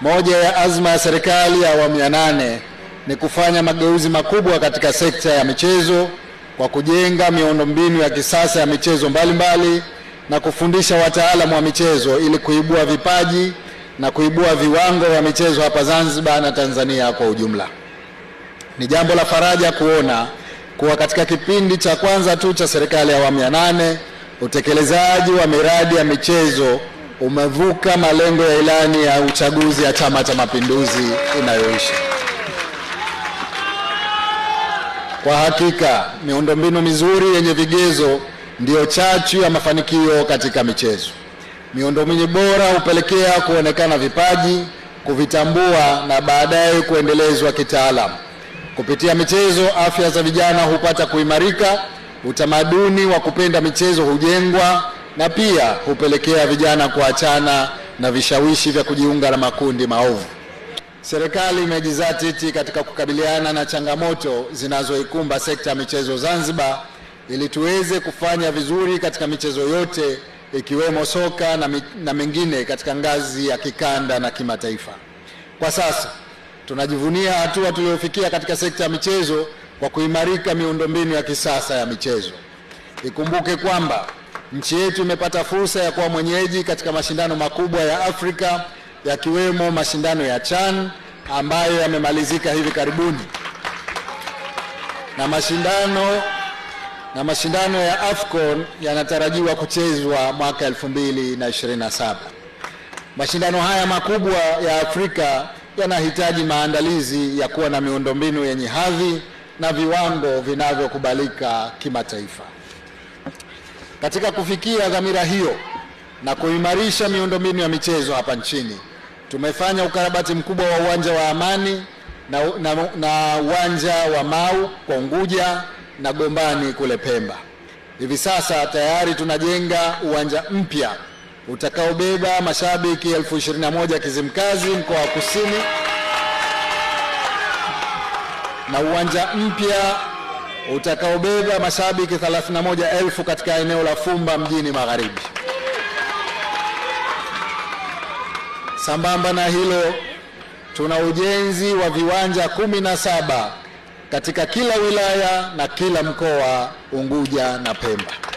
Moja ya azma ya serikali ya awamu ya nane ni kufanya mageuzi makubwa katika sekta ya michezo kwa kujenga miundombinu ya kisasa ya michezo mbalimbali mbali, na kufundisha wataalamu wa michezo ili kuibua vipaji na kuibua viwango vya michezo hapa Zanzibar na Tanzania kwa ujumla. Ni jambo la faraja kuona kuwa katika kipindi cha kwanza tu cha serikali ya awamu ya nane Utekelezaji wa miradi ya michezo umevuka malengo ya ilani ya uchaguzi ya Chama cha Mapinduzi inayoisha. Kwa hakika, miundombinu mizuri yenye vigezo ndiyo chachu ya mafanikio katika michezo. Miundombinu bora hupelekea kuonekana vipaji, kuvitambua na baadaye kuendelezwa kitaalamu. Kupitia michezo, afya za vijana hupata kuimarika Utamaduni wa kupenda michezo hujengwa na pia hupelekea vijana kuachana na vishawishi vya kujiunga na makundi maovu. Serikali imejizatiti katika kukabiliana na changamoto zinazoikumba sekta ya michezo Zanzibar ili tuweze kufanya vizuri katika michezo yote ikiwemo soka na, na mengine katika ngazi ya kikanda na kimataifa. Kwa sasa tunajivunia hatua tuliyofikia katika sekta ya michezo kwa kuimarika miundombinu ya kisasa ya michezo. Ikumbuke kwamba nchi yetu imepata fursa ya kuwa mwenyeji katika mashindano makubwa ya Afrika yakiwemo mashindano ya CHAN ambayo yamemalizika hivi karibuni na mashindano, na mashindano ya AFCON yanatarajiwa kuchezwa mwaka 2027. Mashindano haya makubwa ya Afrika yanahitaji maandalizi ya kuwa na miundombinu yenye hadhi na viwango vinavyokubalika kimataifa. Katika kufikia dhamira hiyo na kuimarisha miundombinu ya michezo hapa nchini, tumefanya ukarabati mkubwa wa uwanja wa Amani na, na, na uwanja wa Mau kwa Unguja na Gombani kule Pemba. Hivi sasa tayari tunajenga uwanja mpya utakaobeba mashabiki elfu Kizimkazi mkoa wa Kusini na uwanja mpya utakaobeba mashabiki 31,000 katika eneo la Fumba mjini Magharibi. Sambamba na hilo, tuna ujenzi wa viwanja 17 katika kila wilaya na kila mkoa Unguja na Pemba.